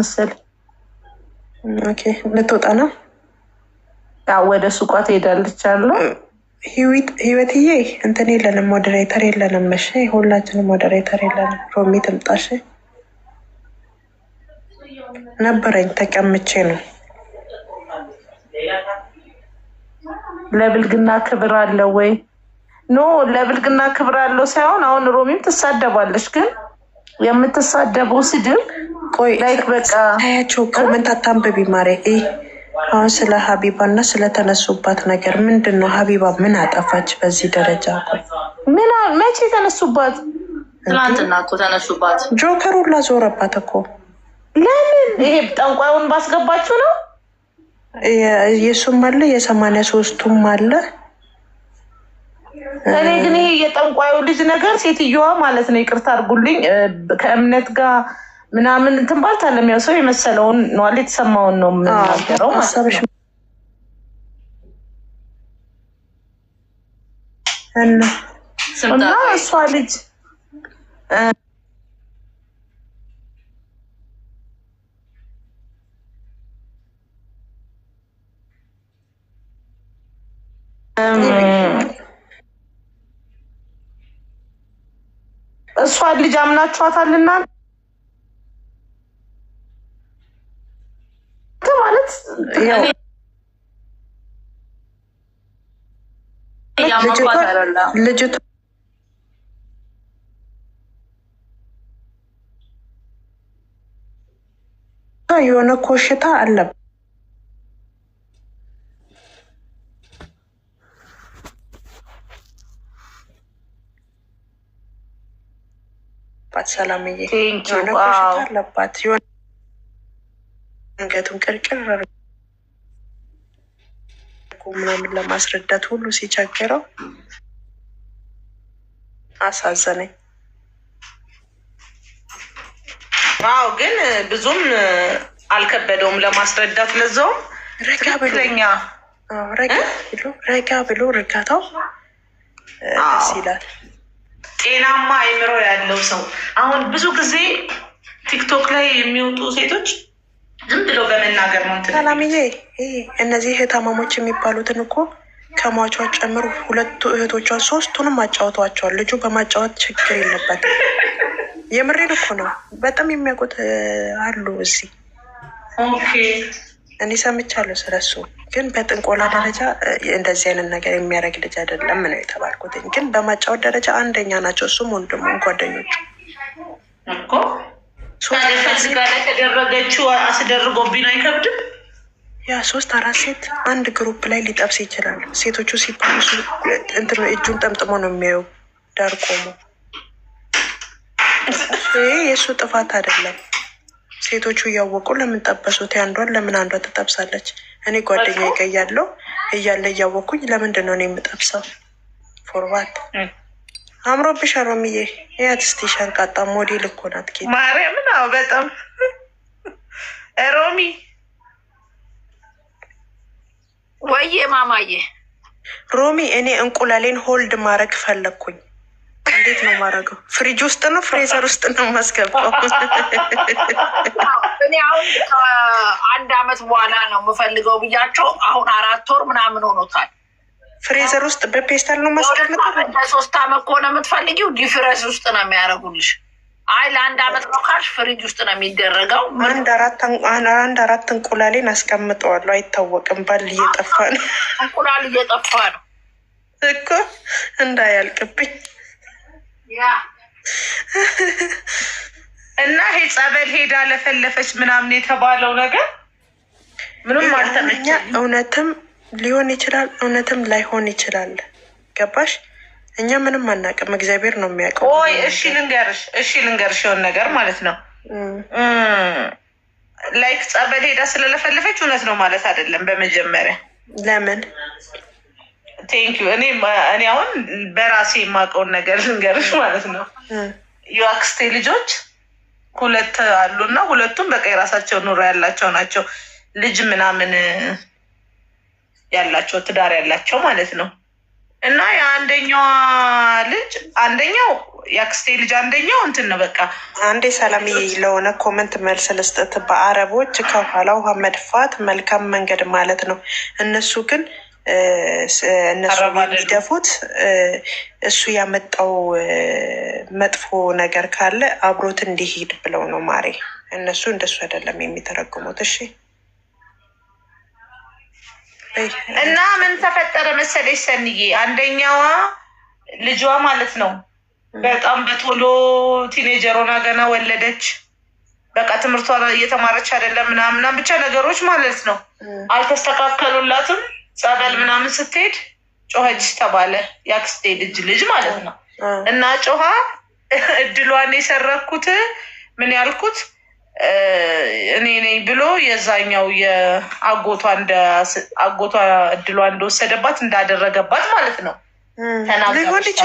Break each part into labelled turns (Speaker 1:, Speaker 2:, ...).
Speaker 1: ማስመሰል። ልትወጣ ነው? ወደ ሱቋ ትሄዳለች አሉ።
Speaker 2: ህይወትዬ እንትን የለንም፣ ሞዴሬተር የለንም። መሸ ሁላችንም ሞዴሬተር የለንም። ሮሚ ትምጣሽ ነበረኝ ተቀምቼ ነው።
Speaker 1: ለብልግና ክብር አለው ወይ? ኖ ለብልግና ክብር አለው ሳይሆን አሁን ሮሚም ትሳደባለች ግን የምትሳደበው ስድብ ቆይ ላይክ በቃ
Speaker 2: ያቸው ኮመንት አታንብቢ ማሬ። አሁን ስለ ሀቢባ እና ስለተነሱባት ነገር ምንድን ነው? ሀቢባ ምን አጠፋች በዚህ ደረጃ?
Speaker 1: ምን መቼ የተነሱባት? ትናንትና እኮ ተነሱባት።
Speaker 2: ጆከሩ ላዞረባት እኮ
Speaker 1: ለምን? ይሄ ጠንቋዩን ባስገባችሁ ነው።
Speaker 2: የእሱም አለ የሰማንያ ሶስቱም አለ
Speaker 1: እኔ ግን ይሄ የጠንቋዩ ልጅ ነገር ሴትዮዋ ማለት ነው ይቅርታ አድርጉልኝ ከእምነት ጋር ምናምን እንትን ባልታለም ያው ሰው የመሰለውን ነዋል የተሰማውን ነው የምናገረው ማለት ነው። እና እሷ ልጅ ልጅ አምናችኋታልና ማለት
Speaker 2: ልጅቷ የሆነ ኮሽታ አለብ
Speaker 1: አለባት ሰላምዬ የሆነ በሽታ
Speaker 2: አለባት። የሆነ አንገቱን ቅርቅር ምናምን ለማስረዳት ሁሉ ሲቸግረው
Speaker 1: አሳዘነኝ። አዎ ግን ብዙም አልከበደውም ለማስረዳት። ለዛውም
Speaker 2: ትክክለኛ ረጋ ብሎ ረጋ ብሎ እርጋታው ደስ ይላል።
Speaker 1: ጤናማ አይምሮ ያለው ሰው አሁን ብዙ ጊዜ ቲክቶክ ላይ የሚወጡ ሴቶች ዝም ብሎ በመናገር ነው።
Speaker 2: ሰላምዬ እነዚህ እህታማሞች የሚባሉትን እኮ ከሟቿ ጨምሮ ሁለቱ እህቶቿ ሶስቱንም አጫውተዋቸዋል። ልጁ በማጫወት ችግር የለበት። የምሬን እኮ ነው። በጣም የሚያውቁት አሉ እዚህ እኔ ሰምቻለሁ ስለሱ፣ ግን በጥንቆላ ደረጃ እንደዚህ አይነት ነገር የሚያደርግ ልጅ አይደለም ነው የተባልኩትኝ። ግን በማጫወት ደረጃ አንደኛ ናቸው፣ እሱም ወንድሙም ጓደኞቹ
Speaker 1: እኮ ተደረገችው አስደርጎብኝ አይከብድም።
Speaker 2: ያ ሶስት አራት ሴት አንድ ግሩፕ ላይ ሊጠብስ ይችላል። ሴቶቹ ሲባሱ እጁን ጠምጥሞ ነው የሚያዩ ዳር ቆሞ። ይህ የእሱ ጥፋት አይደለም። ሴቶቹ እያወቁ ለምን ጠበሱት? ያንዷን ለምን አንዷ ትጠብሳለች? እኔ ጓደኛ ይቀያለው እያለ እያወቅኩኝ ለምንድን ነው የምጠብሰው? ፎርባት አምሮብሽ ሮምዬ ያት ስቲ ሸርቃጣ ሞዴል እኮ ናት። ኬ
Speaker 1: ማርያምን ነው በጣም ሮሚ ወይ ማማዬ
Speaker 2: ሮሚ እኔ እንቁላሌን ሆልድ ማድረግ ፈለግኩኝ። እንዴት ነው ማረገው? ፍሪጅ ውስጥ ነው ፍሬዘር ውስጥ ነው ማስገባው?
Speaker 1: እኔ አሁን አንድ አመት በኋላ ነው የምፈልገው ብያቸው አሁን አራት ወር ምናምን ሆኖታል።
Speaker 2: ፍሬዘር ውስጥ በፔስታል ነው ማስቀምጠው።
Speaker 1: ሶስት አመት ከሆነ የምትፈልጊው ዲፍረስ ውስጥ ነው የሚያደርጉልሽ። አይ ለአንድ አመት ነው ካልሽ ፍሪጅ ውስጥ ነው የሚደረገው።
Speaker 2: አንድ አራት እንቁላሌን አስቀምጠዋለሁ። አይታወቅም። ባል እየጠፋ ነው፣
Speaker 1: እንቁላል እየጠፋ ነው
Speaker 2: እኮ እንዳያልቅብኝ
Speaker 1: እና ይሄ ጸበል ሄዳ ለፈለፈች ምናምን የተባለው ነገር ምንም አልተመኛ።
Speaker 2: እውነትም ሊሆን ይችላል፣ እውነትም ላይሆን ይችላል። ገባሽ? እኛ ምንም አናውቅም፣ እግዚአብሔር ነው የሚያውቀው።
Speaker 1: ኦይ እሺ ልንገርሽ፣ እሺ ልንገርሽ የሆን ነገር ማለት ነው ላይክ ጸበል ሄዳ ስለለፈለፈች እውነት ነው ማለት አይደለም። በመጀመሪያ ለምን ቴንክ ዩ። እኔ አሁን በራሴ የማውቀውን ነገር ልንገርሽ ማለት ነው። የአክስቴ ልጆች ሁለት አሉ እና ሁለቱም በቃ የራሳቸው ኑሮ ያላቸው ናቸው። ልጅ ምናምን ያላቸው ትዳር ያላቸው ማለት ነው። እና የአንደኛዋ ልጅ አንደኛው የአክስቴ ልጅ አንደኛው እንትን ነው በቃ
Speaker 2: አንዴ ሰላም ለሆነ ኮመንት መልስ ልስጥት። በአረቦች ከኋላ ውሃ መድፋት መልካም መንገድ ማለት ነው። እነሱ ግን እነሱ የሚደፉት እሱ ያመጣው መጥፎ ነገር ካለ አብሮት እንዲሄድ ብለው ነው ማሬ። እነሱ እንደሱ አይደለም የሚተረጉሙት። እሺ
Speaker 1: እና ምን ተፈጠረ መሰለሽ ሰንዬ፣ አንደኛዋ ልጇ ማለት ነው በጣም በቶሎ ቲኔጀር ሆና ገና ወለደች። በቃ ትምህርቷ እየተማረች አይደለም ምናምና፣ ብቻ ነገሮች ማለት ነው አልተስተካከሉላትም። ጸበል ምናምን ስትሄድ ጮኸች ተባለ። የአክስቴ ልጅ ልጅ ማለት ነው እና ጮሃ እድሏን የሰረኩት ምን ያልኩት እኔ ነኝ ብሎ የዛኛው የአጎቷ እድሏ እንደወሰደባት እንዳደረገባት ማለት ነው
Speaker 2: ተናገረች።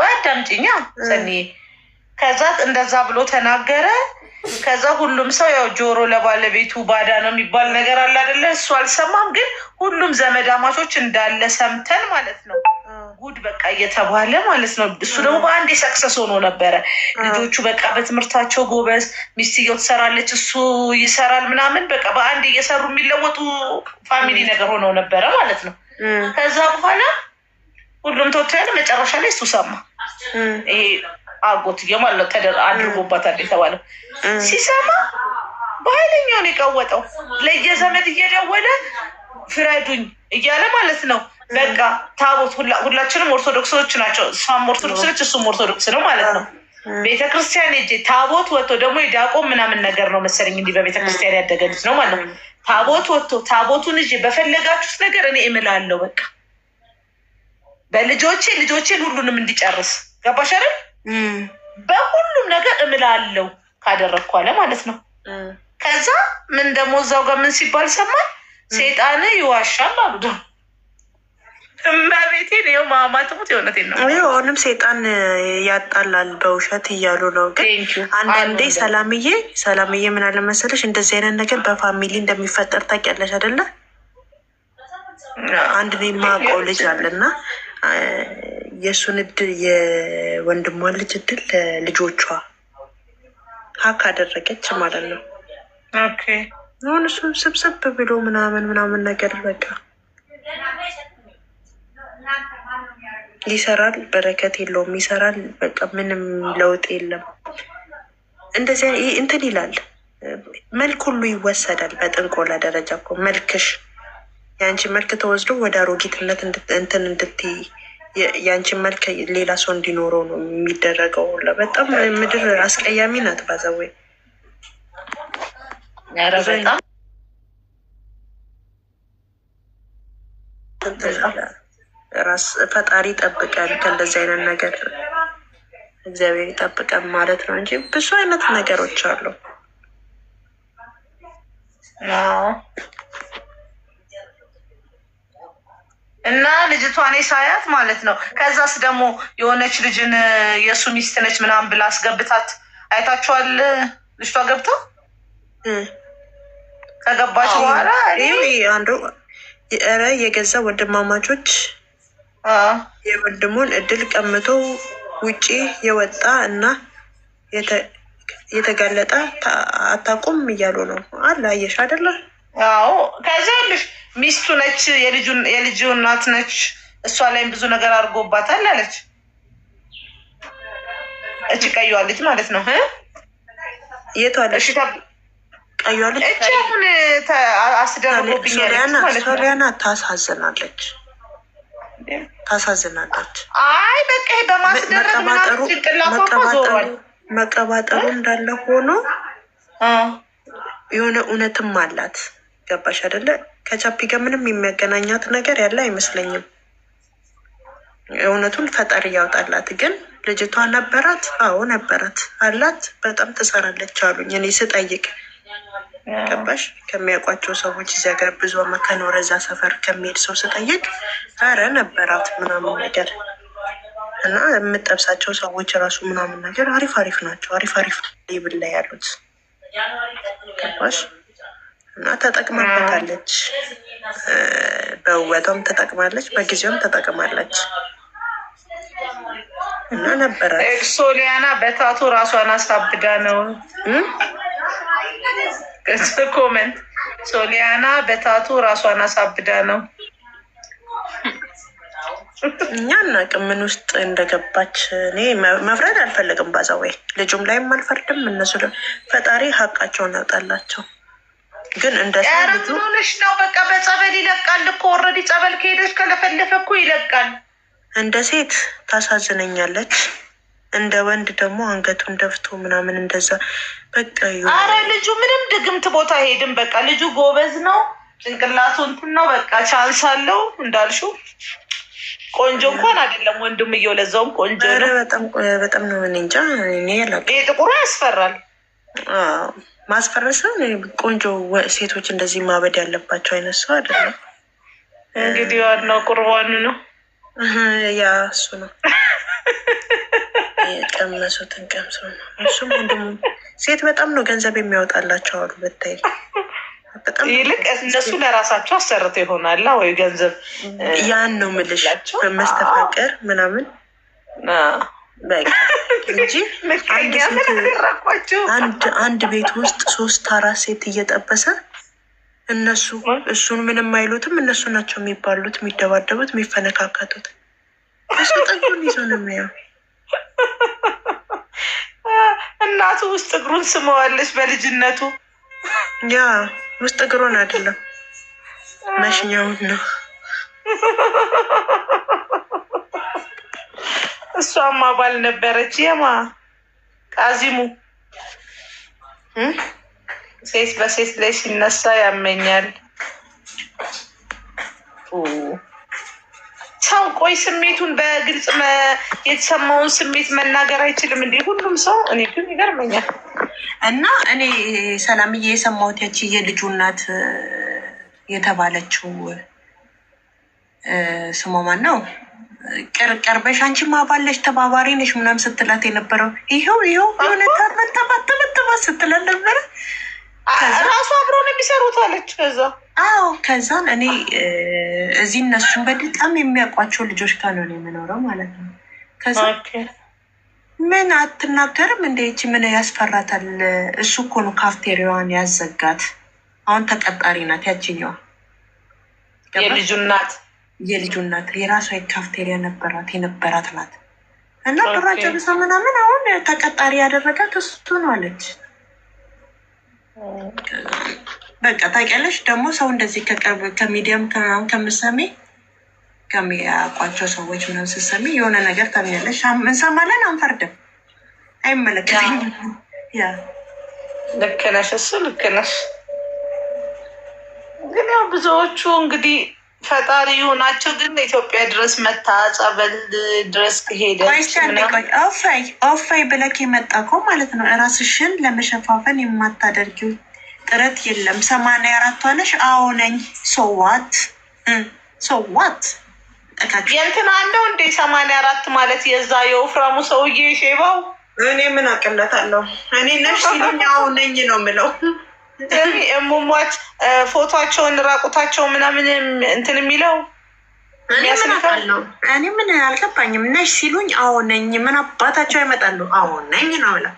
Speaker 1: አዳምጪኛ ሰኒ። ከዛ እንደዛ ብሎ ተናገረ። ከዛ ሁሉም ሰው ያው ጆሮ ለባለቤቱ ባዳ ነው የሚባል ነገር አለ አይደለ? እሱ አልሰማም፣ ግን ሁሉም ዘመዳማቾች እንዳለ ሰምተን ማለት ነው። ጉድ በቃ እየተባለ ማለት ነው። እሱ ደግሞ በአንድ የሰክሰስ ሆኖ ነበረ። ልጆቹ በቃ በትምህርታቸው ጎበዝ፣ ሚስትየው ትሰራለች፣ እሱ ይሰራል ምናምን፣ በቃ በአንድ እየሰሩ የሚለወጡ ፋሚሊ ነገር ሆኖ ነበረ ማለት ነው። ከዛ በኋላ ሁሉም ያለ መጨረሻ ላይ እሱ ሰማ ይሄ አጎትዬው ማለት ነው ተደ አድርጎባታል የተባለ ሲሰማ በኃይለኛውን የቀወጠው ለየዘመድ እየደወለ ፍረዱኝ እያለ ማለት ነው። በቃ ታቦት ሁላችንም ኦርቶዶክሶች ናቸው። እሷም ኦርቶዶክስ ነች፣ እሱም ኦርቶዶክስ ነው ማለት ነው። ቤተክርስቲያን እጅ ታቦት ወጥቶ ደግሞ የዳቆም ምናምን ነገር ነው መሰለኝ እንዲህ በቤተክርስቲያን ያደገ ልጅ ነው ማለት ነው። ታቦት ወጥቶ ታቦቱን እጅ በፈለጋችሁት ነገር እኔ እምላለሁ በቃ በልጆቼ ልጆቼን ሁሉንም እንዲጨርስ ገባሽ አይደል? በሁሉም ነገር እምላለው ካደረግኩ አለ ማለት ነው። ከዛ ምን ደግሞ እዛው ጋር ምን ሲባል ሰማል? ሴጣን ይዋሻል አሉ ደ እመቤቴን ይኸው ማማትሙት የእውነቴን
Speaker 2: ነው። አሁንም ሴጣን ያጣላል በውሸት እያሉ ነው። ግን አንዳንዴ ሰላምዬ ሰላምዬ ምን አለ መሰለሽ እንደዚህ አይነት ነገር በፋሚሊ እንደሚፈጠር ታውቂያለሽ አይደለ? አንድ እኔ የማውቀው ልጅ አለና የእሱን እድል የወንድሟን ልጅ እድል ልጆቿ ሀክ አደረገች ማለት ነው። አሁን እሱ ስብስብ ብሎ ምናምን ምናምን ነገር በቃ ይሰራል፣ በረከት የለውም። ይሰራል፣ በቃ ምንም ለውጥ የለም። እንደዚያ እንትን ይላል። መልክ ሁሉ ይወሰዳል። በጥንቆላ ደረጃ እኮ መልክሽ፣ የአንቺ መልክ ተወስዶ ወደ አሮጊትነት እንትን እንድትይ የአንቺን መልክ ሌላ ሰው እንዲኖረው ነው የሚደረገው። በጣም ምድር አስቀያሚ ናት። ባዘዌ ራስ ፈጣሪ ይጠብቀን ከእንደዚህ አይነት ነገር እግዚአብሔር ይጠብቀን ማለት ነው እንጂ ብዙ አይነት ነገሮች አሉ።
Speaker 1: እና ልጅቷን ሳያት ማለት ነው። ከዛስ ደግሞ የሆነች ልጅን የእሱ ሚስት ነች ምናምን ብላ አስገብታት አይታችኋል። ልጅቷ ገብታ ከገባች በኋላ
Speaker 2: ረ የገዛ ወንድማማቾች የወንድሙን እድል ቀምቶ ውጪ የወጣ እና የተጋለጠ አታቁም እያሉ ነው አለ አየሽ
Speaker 1: አዎ ከዚ ልሽ ሚስቱ ነች፣ የልጁ እናት ነች። እሷ ላይም ብዙ ነገር አድርጎባታል አለች። እች ቀይዋ ልጅ ማለት ነው። እች አሁን አስደርጎብኛል
Speaker 2: ሶሪያና ታሳዝናለች ታሳዝናለች።
Speaker 1: አይ በቃ በማስደረግ ምናምን
Speaker 2: ጭንቅላቷ ዞሯል። መቀባጠሩ እንዳለ ሆኖ የሆነ እውነትም አላት ገባሽ አይደለ? ከቻፒ ጋር ምንም የሚያገናኛት ነገር ያለ አይመስለኝም። እውነቱን ፈጠር እያውጣላት። ግን ልጅቷ ነበራት? አዎ ነበራት። አላት? በጣም ትሰራለች አሉኝ እኔ ስጠይቅ። ገባሽ? ከሚያውቋቸው ሰዎች እዚያ ጋር ብዙ መከኖር እዛ ሰፈር ከሚሄድ ሰው ስጠይቅ አረ ነበራት ምናምን ነገር እና የምጠብሳቸው ሰዎች ራሱ ምናምን ነገር አሪፍ አሪፍ ናቸው። አሪፍ አሪፍ ሌብል ያሉት ገባሽ? እና ተጠቅማበታለች። በውበቷም ተጠቅማለች፣ በጊዜውም ተጠቅማለች እና ነበረ
Speaker 1: ሶሊያና በታቱ ራሷን አሳብዳ ነው ኮመንት ሶሊያና በታቱ ራሷን አሳብዳ ነው።
Speaker 2: እኛ አናውቅም ምን ውስጥ እንደገባች። እኔ መፍረድ አልፈልግም። ባዛወይ ልጁም ላይም አልፈርድም። እነሱ ፈጣሪ ሀቃቸውን ያውጣላቸው። ግን እንደ
Speaker 1: ኧረ ምን ሆነሽ ነው? በቃ በጸበል ይለቃል እኮ ኦልሬዲ ጸበል ከሄደች ከለፈለፈ እኮ ይለቃል።
Speaker 2: እንደ ሴት ታሳዝነኛለች፣ እንደ ወንድ ደግሞ አንገቱን ደፍቶ ምናምን እንደዛ በቃ
Speaker 1: አረ ልጁ ምንም ድግምት ቦታ አይሄድም በቃ ልጁ ጎበዝ ነው፣ ጭንቅላቱ እንትን ነው። በቃ ቻንስ አለው እንዳልሽው ቆንጆ እንኳን አይደለም ወንድምየው፣ ለዛውም ቆንጆ
Speaker 2: ነው። በጣም ነው። እኔ እንጃ እኔ
Speaker 1: ጥቁሩ ያስፈራል።
Speaker 2: ማስፈረሰም ቆንጆ ሴቶች እንደዚህ ማበድ ያለባቸው አይነት ሰው አይደለም።
Speaker 1: እንግዲህ ዋና ቁርባኑ ነው፣
Speaker 2: ያ እሱ ነው። የቀመሱትን ቀምሶ ነው። እሱም ወንድሙ ሴት በጣም ነው ገንዘብ የሚያወጣላቸው አሉ። ብታይ
Speaker 1: ይልቅ እነሱ ለራሳቸው አሰርተ ይሆናላ ወይ ገንዘብ
Speaker 2: ያን ነው ምልሽ በመስተፋቀር ምናምን
Speaker 1: እንጂ
Speaker 2: አንድ ቤት ውስጥ ሶስት አራት ሴት እየጠበሰ እነሱ እሱን ምንም አይሉትም። እነሱ ናቸው የሚባሉት፣ የሚደባደቡት፣ የሚፈነካከቱት። እሱ ጠጉን ይዞ ነው የሚያው
Speaker 1: እናቱ ውስጥ እግሩን ስመዋለች በልጅነቱ
Speaker 2: ያ ውስጥ እግሩን አይደለም መሽኛውን ነው።
Speaker 1: እሷም አባል ነበረች። የማ ቃዚሙ ሴት በሴት ላይ ሲነሳ ያመኛል። ሰው ቆይ ስሜቱን በግልጽ የተሰማውን ስሜት መናገር አይችልም እንዴ? ሁሉም ሰው እኔ ግን ይገርመኛል።
Speaker 2: እና እኔ ሰላምዬ የሰማሁት ያቺ የልጁ እናት የተባለችው ስሟ ማን ነው? ቀርበሽ አንቺማ ባለሽ ተባባሪ ነሽ ምናም ስትላት የነበረው ይኸው ይኸው የሆነ መተባት ተመተባት ስትላት ነበረ።
Speaker 1: ራሱ አብሮ የሚሰሩት አለች። ከዛ
Speaker 2: አዎ፣ ከዛን እኔ እዚህ እነሱን በጣም የሚያውቋቸው ልጆች ጋር የምኖረው ማለት ነው። ከዛ ምን አትናገርም እንደ ይቺ ምን ያስፈራታል? እሱ እኮ ነው ካፍቴሪያዋን ያዘጋት። አሁን ተቀጣሪ ናት ያችኛዋ
Speaker 1: የልጁ እናት
Speaker 2: የልጁ እናት የራሷ ካፍቴሪያ ነበራት የነበራት ናት። እና ብራጫ ብሳ ምናምን አሁን ተቀጣሪ ያደረጋት እሱ ነው አለች። በቃ ታውቂያለሽ፣ ደግሞ ሰው እንደዚህ ከቅርብ ከሚዲያም ከምናምን ከምሰሜ ከሚያውቋቸው ሰዎች ምናምን ስሰሚ የሆነ ነገር ታምኛለሽ። እንሰማለን፣ አንፈርድም፣ አይመለከትም።
Speaker 1: ልክ ነሽ፣ እሱ ልክ ነሽ። ግን ያው ብዙዎቹ እንግዲህ ፈጣሪ ሆናቸው ግን ኢትዮጵያ ድረስ መታ ጸበል ድረስ
Speaker 2: ሄደኦፋይ ኦፋይ ብለክ የመጣ እኮ ማለት ነው። እራስሽን ለመሸፋፈን የማታደርጊው ጥረት የለም። ሰማንያ አራት ነሽ። አዎ ነኝ። ሶዋት ሶዋት
Speaker 1: የንትን አለው እንዴ ሰማንያ አራት ማለት የዛ የወፍራሙ ሰውዬ ሼባው
Speaker 2: እኔ ምን አቅለታለሁ እኔ ነሽ ሲሉኝ አዎ ነኝ ነው ምለው
Speaker 1: የሙሟት ፎቶቸውን ራቁታቸው ምናምን እንትን የሚለው
Speaker 2: እኔ ምን አልገባኝም። ነሽ ሲሉኝ አዎ ነኝ። ምን አባታቸው ይመጣሉ? አዎ ነኝ ነው ላ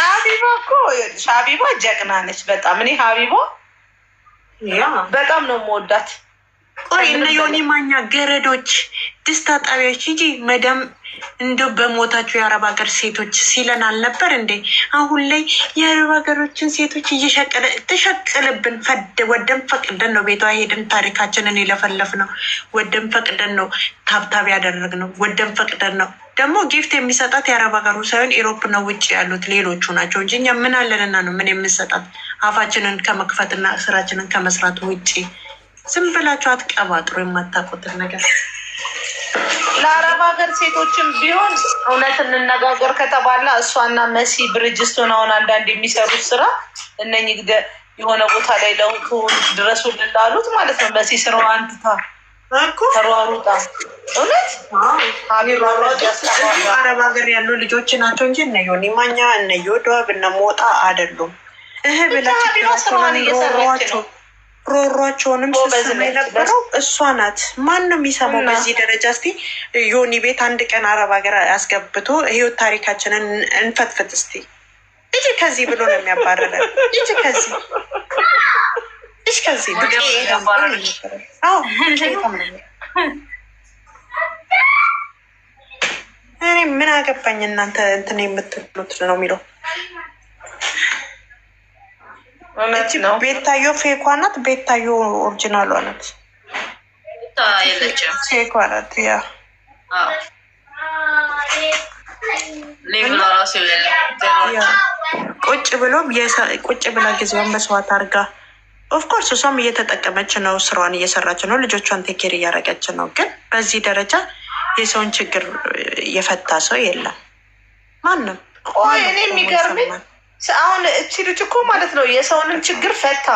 Speaker 1: ሀቢባ እኮ ሀቢባ ጀግና ነች በጣም እኔ ሀቢባ በጣም ነው የምወዳት።
Speaker 2: ቆይ እነ ዮኒ ማኛ ገረዶች ስድስት አጣቢያዎች ሂጂ መደም እንደ በሞታቸው የአረብ ሀገር ሴቶች ሲለን አልነበር እንዴ? አሁን ላይ የአረብ ሀገሮችን ሴቶች እየሸቀለ ተሸቅልብን ፈድ ወደም ፈቅደን ነው ቤቷ ሄደን ታሪካችንን የለፈለፍ ነው። ወደም ፈቅደን ነው ታብታብ ያደረግ ነው። ወደም ፈቅደን ነው ደግሞ ጊፍት የሚሰጣት የአረብ ሀገሩ ሳይሆን ኤሮፕ ነው ውጭ ያሉት ሌሎቹ ናቸው እንጂ እኛ ምን አለንና ነው ምን የምንሰጣት አፋችንን ከመክፈትና ስራችንን ከመስራት ውጭ። ዝም ብላችሁ አትቀባጥሩ የማታውቁትን ነገር
Speaker 1: ለአረብ ሀገር ሴቶችም ቢሆን እውነት እንነጋገር ከተባለ እሷና መሲ ብርጅስቶን አሁን አንዳንድ የሚሰሩት ስራ እነኝ ግደ የሆነ ቦታ ላይ ለውጡን ድረሱ ልላሉት ማለት ነው። መሲ ስራ አንትታ ተሯሩጣ እውነት
Speaker 2: አረብ ሀገር ያሉ ልጆች ናቸው እንጂ እነ ኒማኛ ማኛ ድዋብ እነሞጣ አደሉም። ሞጣ አይደሉም። እህ ብላ ስራዋን እየሰራች ሮሯቸውንም ስስም የነበረው እሷ ናት። ማንም የሚሰማው በዚህ ደረጃ እስቲ ዮኒ ቤት አንድ ቀን አረብ ሀገር አስገብቶ ህይወት ታሪካችንን እንፈትፍት እስቲ። እጅ ከዚህ ብሎ ነው የሚያባረረ። እጅ ከዚህ እጅ ከዚህ እኔ ምን አገባኝ እናንተ እንትን የምትሉት ነው የሚለው ቤታዮ ፌኳ ናት። ቤታዮ ኦሪጂናሏ ናት። ፌኳ ናት። ያ ቁጭ ብሎ ቁጭ ብላ ጊዜውን መስዋዕት አድርጋ ኦፍኮርስ እሷም እየተጠቀመች ነው፣ ስራዋን እየሰራች ነው፣ ልጆቿን ቴኬር እያደረገች ነው። ግን በዚህ ደረጃ የሰውን ችግር የፈታ ሰው የለም ማንም።
Speaker 1: እኔ የሚገርምኝ አሁን እቺ ልጅ እኮ ማለት ነው የሰውንም ችግር ፈታ።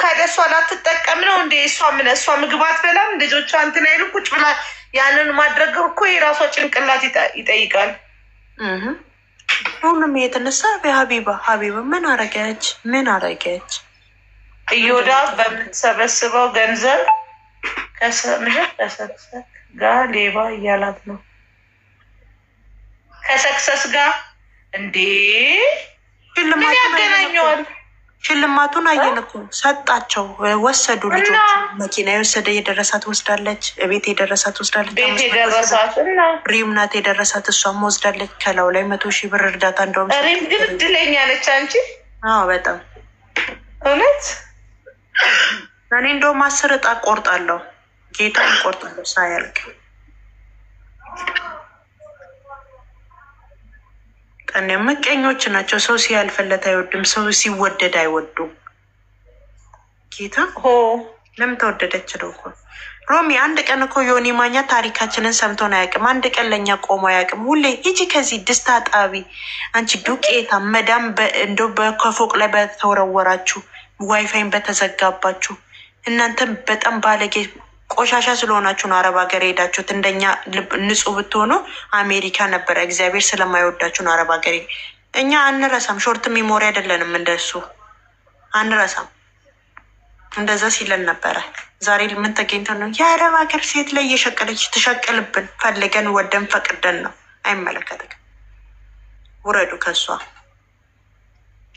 Speaker 1: ካዲያ እሷ ላትጠቀም ነው እንዴ? እሷ ምን እሷ ምግብ አትበላም፣ ልጆቿ እንትን አይሉ ቁጭ ብላ ያንን ማድረግ እኮ የራሷ ጭንቅላት ይጠይቃል።
Speaker 2: ሁሉም የተነሳ በሀቢባ ሀቢባ ምን አረገች? ምን አረገች?
Speaker 1: እዮዳ በምትሰበስበው ገንዘብ ከሰምነት ከሰክሰክ ጋር ሌባ እያላት ነው ከሰክሰስ ጋር እንዴ
Speaker 2: ምን ያገናኘዋል? ሽልማቱን አየን ሰጣቸው፣ ወሰዱ ልጆች። መኪና የወሰደ የደረሳት ወስዳለች፣ ቤት የደረሳት ወስዳለች፣ ሪም ናት የደረሳት እሷም ወስዳለች። ከላው ላይ መቶ ሺህ ብር እርዳታ እንደውም
Speaker 1: ሪም ግን እድለኛ ነች። አንቺ አዎ፣ በጣም እውነት።
Speaker 2: እኔ እንደውም አስር እጣ ቆርጣለሁ፣ ጌታ ቆርጣለሁ ሳያልቅ ምቀኞች ናቸው። ሰው ሲያልፈለት አይወድም። ሰው ሲወደድ አይወዱም። ጌታ ለምን ተወደደች ነው እኮ ሮሚ። አንድ ቀን እኮ ዮኒ ማኛ ታሪካችንን ሰምቶን አያውቅም። አንድ ቀን ለእኛ ቆሞ አያውቅም። ሁሌ ሂጂ ከዚህ ድስት አጣቢ፣ አንቺ ዱቄታ መዳም፣ እንደ ከፎቅ ላይ በተወረወራችሁ፣ ዋይፋይን በተዘጋባችሁ እናንተም በጣም ባለጌ ቆሻሻ ስለሆናችሁ ነው አረብ ሀገር ሄዳችሁት። እንደኛ ንጹህ ብትሆኑ አሜሪካ ነበረ። እግዚአብሔር ስለማይወዳችሁ ነው አረብ ሀገር። እኛ አንረሳም፣ ሾርት ሚሞሪ አይደለንም። እንደሱ አንረሳም። እንደዛ ሲለን ነበረ። ዛሬ ምን ተገኝተ ነው የአረብ ሀገር ሴት ላይ እየሸቀለች ትሸቅልብን? ፈልገን ወደን ፈቅደን ነው። አይመለከትም። ውረዱ ከሷ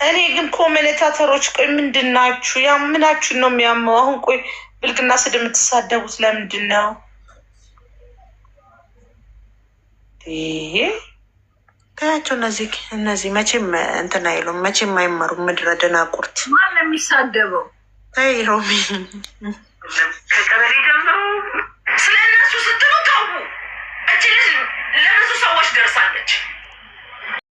Speaker 2: እኔ ግን ኮሜንታተሮች ቆይ ምንድን ናችሁ? ያምናችሁን ነው የሚያመው። አሁን ቆይ ብልግና ስድብ የምትሳደቡት ለምንድን ነው? ይሄ ታያቸው እነዚህ እነዚህ መቼም እንትን አይሉም፣ መቼም አይመሩም። ምድረ ደናቁርት
Speaker 1: ማን ነው የሚሳደበው? ይ ሮሚ ስለ እነሱ ስትሉ ታቡ እች ልጅ ለብዙ ሰዎች ደርሳለች።